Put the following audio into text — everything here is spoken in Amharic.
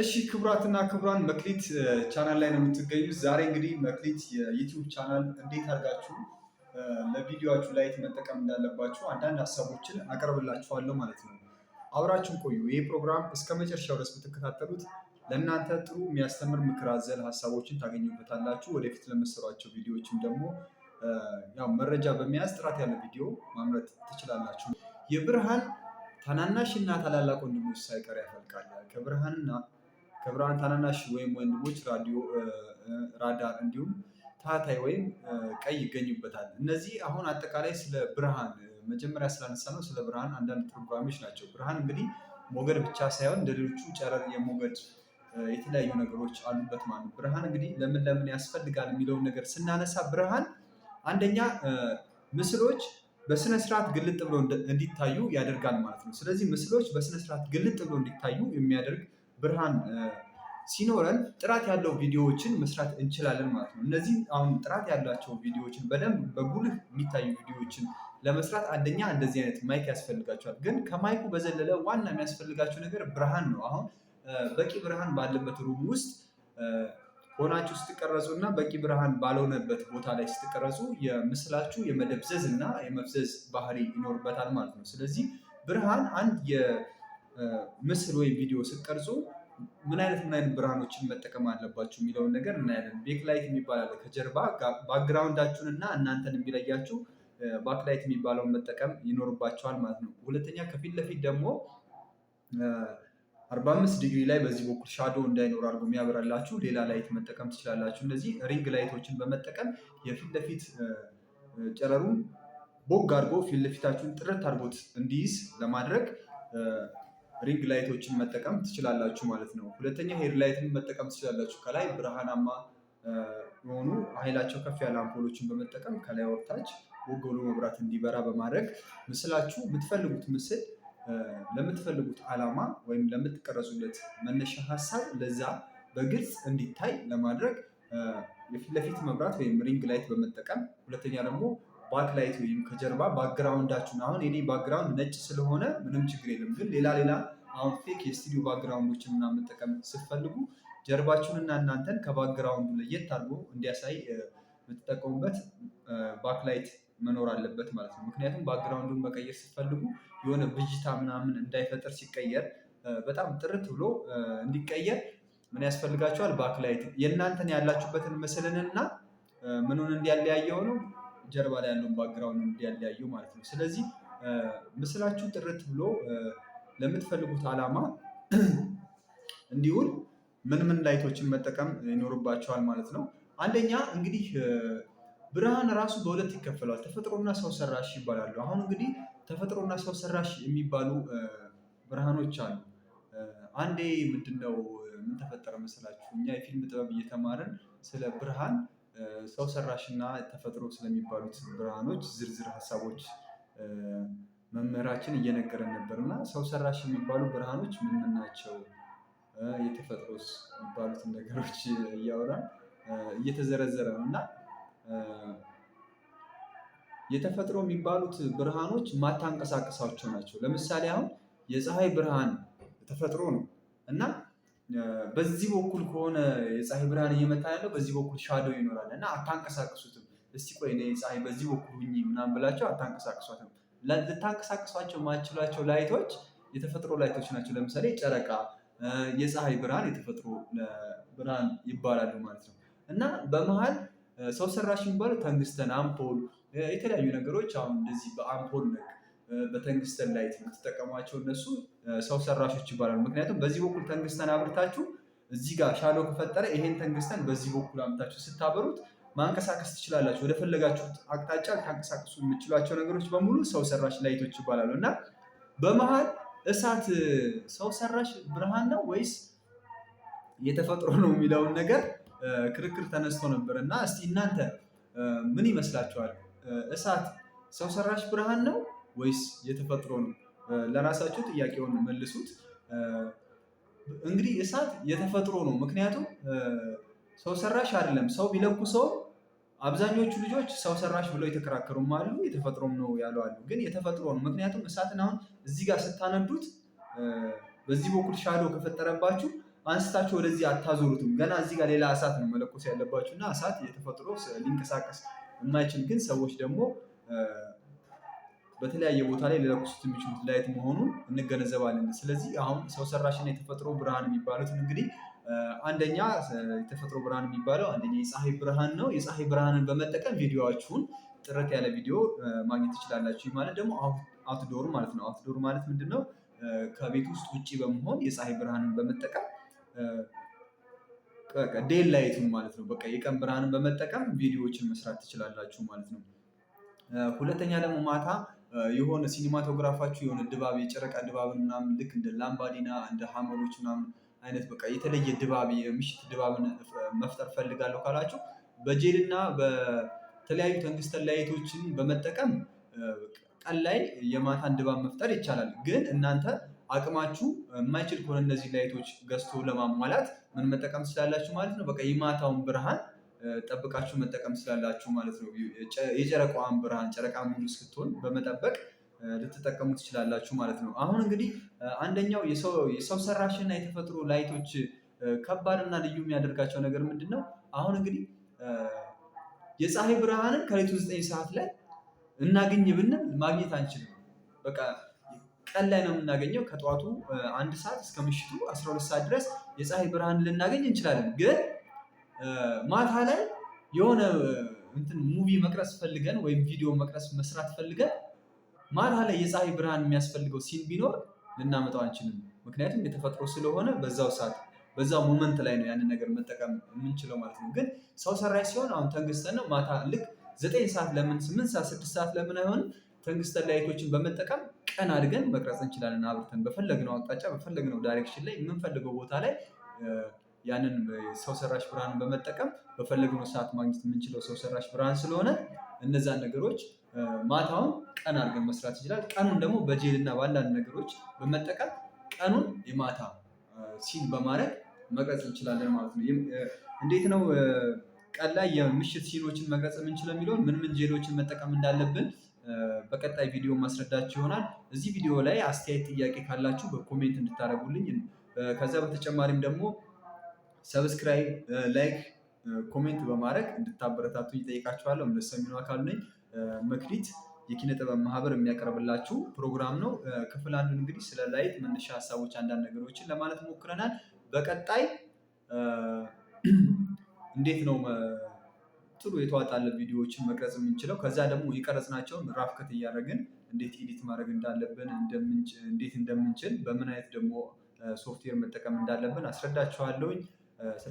እሺ ክቡራትና ክቡራን መክሊት ቻናል ላይ ነው የምትገኙት። ዛሬ እንግዲህ መክሊት የዩቲዩብ ቻናል እንዴት አድርጋችሁ ለቪዲዮችሁ ላይ መጠቀም እንዳለባችሁ አንዳንድ ሀሳቦችን አቀርብላችኋለሁ ማለት ነው። አብራችሁን ቆዩ። ይህ ፕሮግራም እስከ መጨረሻው ድረስ ብትከታተሉት ለእናንተ ጥሩ የሚያስተምር ምክር አዘል ሀሳቦችን ታገኙበታላችሁ። ወደፊት ለመሰሯቸው ቪዲዮዎችም ደግሞ ያው መረጃ በመያዝ ጥራት ያለ ቪዲዮ ማምረት ትችላላችሁ። የብርሃን ታናናሽና ታላላቅ ወንድሞች ሳይቀር ያፈልቃል። ከብርሃንና ከብርሃን ታናናሽ ወይም ወንድሞች ራዳር እንዲሁም ታህታይ ወይም ቀይ ይገኙበታል። እነዚህ አሁን አጠቃላይ ስለ ብርሃን መጀመሪያ ስላነሳ ነው ስለ ብርሃን አንዳንድ ትርጓሜዎች ናቸው። ብርሃን እንግዲህ ሞገድ ብቻ ሳይሆን ሌሎቹ ጨረር፣ የሞገድ የተለያዩ ነገሮች አሉበት ማለት ነው። ብርሃን እንግዲህ ለምን ለምን ያስፈልጋል የሚለውን ነገር ስናነሳ ብርሃን አንደኛ ምስሎች በስነ ስርዓት ግልጥ ብሎ እንዲታዩ ያደርጋል ማለት ነው። ስለዚህ ምስሎች በስነ ስርዓት ግልጥ ብሎ እንዲታዩ የሚያደርግ ብርሃን ሲኖረን ጥራት ያለው ቪዲዮዎችን መስራት እንችላለን ማለት ነው። እነዚህ አሁን ጥራት ያላቸው ቪዲዮዎችን በደንብ በጉልህ የሚታዩ ቪዲዮዎችን ለመስራት አንደኛ እንደዚህ አይነት ማይክ ያስፈልጋቸዋል። ግን ከማይኩ በዘለለ ዋና የሚያስፈልጋቸው ነገር ብርሃን ነው። አሁን በቂ ብርሃን ባለበት ሩም ውስጥ ሆናችሁ ስትቀረጹ እና በቂ ብርሃን ባልሆነበት ቦታ ላይ ስትቀረጹ የምስላችሁ የመደብዘዝ እና የመፍዘዝ ባህሪ ይኖርበታል ማለት ነው። ስለዚህ ብርሃን አንድ ምስል ወይም ቪዲዮ ስትቀርጹ ምን አይነት ምን አይነት ብርሃኖችን መጠቀም አለባችሁ የሚለውን ነገር እናያለን። ቤክላይት የሚባል አለ። ከጀርባ ባክግራውንዳችሁን እና እናንተን የሚለያችሁ ባክላይት የሚባለውን መጠቀም ይኖርባቸዋል ማለት ነው። ሁለተኛ ከፊት ለፊት ደግሞ አርባ ዲግሪ ላይ በዚህ በኩል ሻዶ እንዳይኖር አድርጎ የሚያበራላችሁ ሌላ ላይት መጠቀም ትችላላችሁ። እነዚህ ሪንግ ላይቶችን በመጠቀም የፊት ለፊት ጨረሩን ቦግ አድርጎ ፊት ለፊታችሁን ጥርት አድርጎት እንዲይዝ ለማድረግ ሪንግ ላይቶችን መጠቀም ትችላላችሁ ማለት ነው። ሁለተኛ ሄድ ላይትን መጠቀም ትችላላችሁ። ከላይ ብርሃናማ የሆኑ ኃይላቸው ከፍ ያለ አምፖሎችን በመጠቀም ከላይ ወርታች ወግ ብሎ መብራት እንዲበራ በማድረግ ምስላችሁ የምትፈልጉት ምስል ለምትፈልጉት ዓላማ ወይም ለምትቀረጹለት መነሻ ሀሳብ ለዛ በግልጽ እንዲታይ ለማድረግ የፊት ለፊት መብራት ወይም ሪንግ ላይት በመጠቀም ሁለተኛ ደግሞ ባክላይት ወይም ከጀርባ ባክግራውንዳችሁን አሁን የኔ ባክግራውንድ ነጭ ስለሆነ ምንም ችግር የለም። ግን ሌላ ሌላ አሁን ፌክ የስቱዲዮ ባክግራውንዶችን እና መጠቀም ስትፈልጉ ጀርባችሁንና እናንተን ከባክግራውንዱ ለየት አድርጎ እንዲያሳይ የምትጠቀሙበት ባክላይት መኖር አለበት ማለት ነው። ምክንያቱም ባክግራውንዱን መቀየር ስትፈልጉ የሆነ ብዥታ ምናምን እንዳይፈጠር ሲቀየር በጣም ጥርት ብሎ እንዲቀየር ምን ያስፈልጋቸዋል? ባክላይት የእናንተን ያላችሁበትን ምስልንና ምኑን እንዲያለያየው ነው ጀርባ ላይ ያለውን ባክግራውንድ እንዲያለያዩ ማለት ነው። ስለዚህ ምስላችሁ ጥርት ብሎ ለምትፈልጉት ዓላማ እንዲሁን ምን ምን ላይቶችን መጠቀም ይኖርባቸዋል ማለት ነው። አንደኛ እንግዲህ ብርሃን ራሱ በሁለት ይከፈላል፣ ተፈጥሮና ሰው ሰራሽ ይባላሉ። አሁን እንግዲህ ተፈጥሮና ሰው ሰራሽ የሚባሉ ብርሃኖች አሉ። አንዴ ምንድነው ምን ተፈጠረ መሰላችሁ? እኛ የፊልም ጥበብ እየተማርን ስለ ብርሃን ሰው ሰራሽ እና ተፈጥሮ ስለሚባሉት ብርሃኖች ዝርዝር ሀሳቦች መምህራችን እየነገረን ነበር እና ሰው ሰራሽ የሚባሉ ብርሃኖች ምን ምን ናቸው? የተፈጥሮስ የሚባሉትን ነገሮች እያወራን እየተዘረዘረ ነው እና የተፈጥሮ የሚባሉት ብርሃኖች ማታንቀሳቀሳቸው ናቸው። ለምሳሌ አሁን የፀሐይ ብርሃን ተፈጥሮ ነው እና በዚህ በኩል ከሆነ የፀሐይ ብርሃን እየመታ ያለው በዚህ በኩል ሻዶ ይኖራል እና አታንቀሳቅሱትም። እስቲ ቆይ እኔ ፀሐይ በዚህ በኩል ሁኚ ምናምን ብላቸው አታንቀሳቅሷትም። ልታንቀሳቅሷቸው ማችሏቸው ላይቶች የተፈጥሮ ላይቶች ናቸው። ለምሳሌ ጨረቃ፣ የፀሐይ ብርሃን የተፈጥሮ ብርሃን ይባላሉ ማለት ነው እና በመሀል ሰው ሰራሽ የሚባለው ተንግስተን አምፖል የተለያዩ ነገሮች አሁን እንደዚህ በአምፖል ነገር በተንግስተን ላይት የምትጠቀሟቸው እነሱ ሰው ሰራሾች ይባላሉ። ምክንያቱም በዚህ በኩል ተንግስተን አብርታችሁ እዚህ ጋር ሻሎ ከፈጠረ ይሄን ተንግስተን በዚህ በኩል አምታችሁ ስታበሩት ማንቀሳቀስ ትችላላችሁ። ወደ ፈለጋችሁት አቅጣጫ ታንቀሳቀሱ የምችሏቸው ነገሮች በሙሉ ሰው ሰራሽ ላይቶች ይባላሉ እና በመሀል እሳት ሰው ሰራሽ ብርሃን ነው ወይስ የተፈጥሮ ነው የሚለውን ነገር ክርክር ተነስቶ ነበር እና እስቲ እናንተ ምን ይመስላችኋል? እሳት ሰው ሰራሽ ብርሃን ነው ወይስ የተፈጥሮን? ለራሳችሁ ጥያቄውን መልሱት። እንግዲህ እሳት የተፈጥሮ ነው። ምክንያቱም ሰው ሰራሽ አይደለም። ሰው ቢለኩ ሰው አብዛኞቹ ልጆች ሰው ሰራሽ ብለው የተከራከሩም አሉ፣ የተፈጥሮም ነው ያሉ አሉ። ግን የተፈጥሮ ነው። ምክንያቱም እሳትን አሁን እዚህ ጋር ስታነዱት በዚህ በኩል ሻዶ ከፈጠረባችሁ አንስታችሁ ወደዚህ አታዞሩትም። ገና እዚህ ጋር ሌላ እሳት ነው መለኮስ ያለባችሁ እና እሳት የተፈጥሮ ሊንቀሳቀስ የማይችል ግን ሰዎች ደግሞ በተለያየ ቦታ ላይ ሊለኩሱት የሚችሉት ላይት መሆኑን እንገነዘባለን። ስለዚህ አሁን ሰው ሰራሽና የተፈጥሮ ብርሃን የሚባሉት እንግዲህ አንደኛ የተፈጥሮ ብርሃን የሚባለው አንደኛ የፀሐይ ብርሃን ነው። የፀሐይ ብርሃንን በመጠቀም ቪዲዮዎችሁን ጥርት ያለ ቪዲዮ ማግኘት ትችላላችሁ። ማለት ደግሞ አውትዶር ማለት ነው። አውትዶር ማለት ምንድን ነው? ከቤት ውስጥ ውጭ በመሆን የፀሐይ ብርሃንን በመጠቀም ዴል ላይቱን ማለት ነው። በቃ የቀን ብርሃንን በመጠቀም ቪዲዮዎችን መስራት ትችላላችሁ ማለት ነው። ሁለተኛ ደግሞ ማታ የሆነ ሲኒማቶግራፋችሁ የሆነ ድባብ የጨረቃ ድባብን ምናምን ልክ እንደ ላምባዲና እንደ ሀመሮች ምናምን አይነት በቃ የተለየ ድባብ የምሽት ድባብን መፍጠር ፈልጋለሁ ካላችሁ በጄልና በተለያዩ ተንግስተን ላይቶችን በመጠቀም ቀን ላይ የማታን ድባብ መፍጠር ይቻላል። ግን እናንተ አቅማችሁ የማይችል ከሆነ እነዚህ ላይቶች ገዝቶ ለማሟላት ምን መጠቀም ትችላላችሁ ማለት ነው። በቃ የማታውን ብርሃን ጠብቃችሁ መጠቀም ስላላችሁ ማለት ነው። የጨረቃዋን ብርሃን ጨረቃ ሙሉ እስክትሆን በመጠበቅ ልትጠቀሙ ትችላላችሁ ማለት ነው። አሁን እንግዲህ አንደኛው የሰው ሰራሽና የተፈጥሮ ላይቶች ከባድና ልዩ የሚያደርጋቸው ነገር ምንድን ነው? አሁን እንግዲህ የፀሐይ ብርሃንን ከሌቱ ዘጠኝ ሰዓት ላይ እናገኝ ብንል ማግኘት አንችልም። በቃ ቀን ላይ ነው የምናገኘው። ከጠዋቱ አንድ ሰዓት እስከ ምሽቱ 12 ሰዓት ድረስ የፀሐይ ብርሃን ልናገኝ እንችላለን ግን ማታ ላይ የሆነ እንትን ሙቪ መቅረጽ ፈልገን ወይም ቪዲዮ መቅረጽ መስራት ፈልገን ማታ ላይ የፀሐይ ብርሃን የሚያስፈልገው ሲን ቢኖር ልናመጣው አንችልም። ምክንያቱም የተፈጥሮ ስለሆነ በዛው ሰዓት በዛ ሞመንት ላይ ነው ያንን ነገር መጠቀም የምንችለው ማለት ነው። ግን ሰው ሰራሽ ሲሆን አሁን ተንግስተን ነው ማታ ልክ ዘጠኝ ሰዓት ለምን ስምንት ሰዓት ስድስት ሰዓት ለምን አይሆንም? ተንግስተን ላይቶችን በመጠቀም ቀን አድገን መቅረጽ እንችላለን። አብርተን በፈለግነው አቅጣጫ በፈለግነው ዳይሬክሽን ላይ የምንፈልገው ቦታ ላይ ያንን ሰው ሰራሽ ብርሃንን በመጠቀም በፈለግነው ሰዓት ማግኘት የምንችለው ሰው ሰራሽ ብርሃን ስለሆነ እነዛን ነገሮች ማታውን ቀን አድርገን መስራት ይችላል። ቀኑን ደግሞ በጄል እና በአንዳንድ ነገሮች በመጠቀም ቀኑን የማታ ሲል በማድረግ መቅረጽ እንችላለን ማለት ነው። እንዴት ነው ቀን ላይ የምሽት ሲኖችን መቅረጽ የምንችለው የሚለውን ምን ምን ጄሎችን መጠቀም እንዳለብን በቀጣይ ቪዲዮ ማስረዳችሁ ይሆናል። እዚህ ቪዲዮ ላይ አስተያየት፣ ጥያቄ ካላችሁ በኮሜንት እንድታደርጉልኝ ከዛ በተጨማሪም ደግሞ ሰብስክራይብ፣ ላይክ፣ ኮሜንት በማድረግ እንድታበረታቱ እጠይቃችኋለሁ። ሰሚኑ አካሉ ነኝ። መክሊት የኪነ ጥበብ ማህበር የሚያቀርብላችሁ ፕሮግራም ነው። ክፍል አንዱ እንግዲህ ስለ ላይት መነሻ ሀሳቦች፣ አንዳንድ ነገሮችን ለማለት ሞክረናል። በቀጣይ እንዴት ነው ጥሩ የተዋጣለ ቪዲዮዎችን መቅረጽ የምንችለው፣ ከዛ ደግሞ የቀረጽናቸውን ራፍ ከት እያደረግን እንዴት ኤዲት ማድረግ እንዳለብን እንዴት እንደምንችል፣ በምን አይነት ደግሞ ሶፍትዌር መጠቀም እንዳለብን አስረዳችኋለሁኝ። ስለ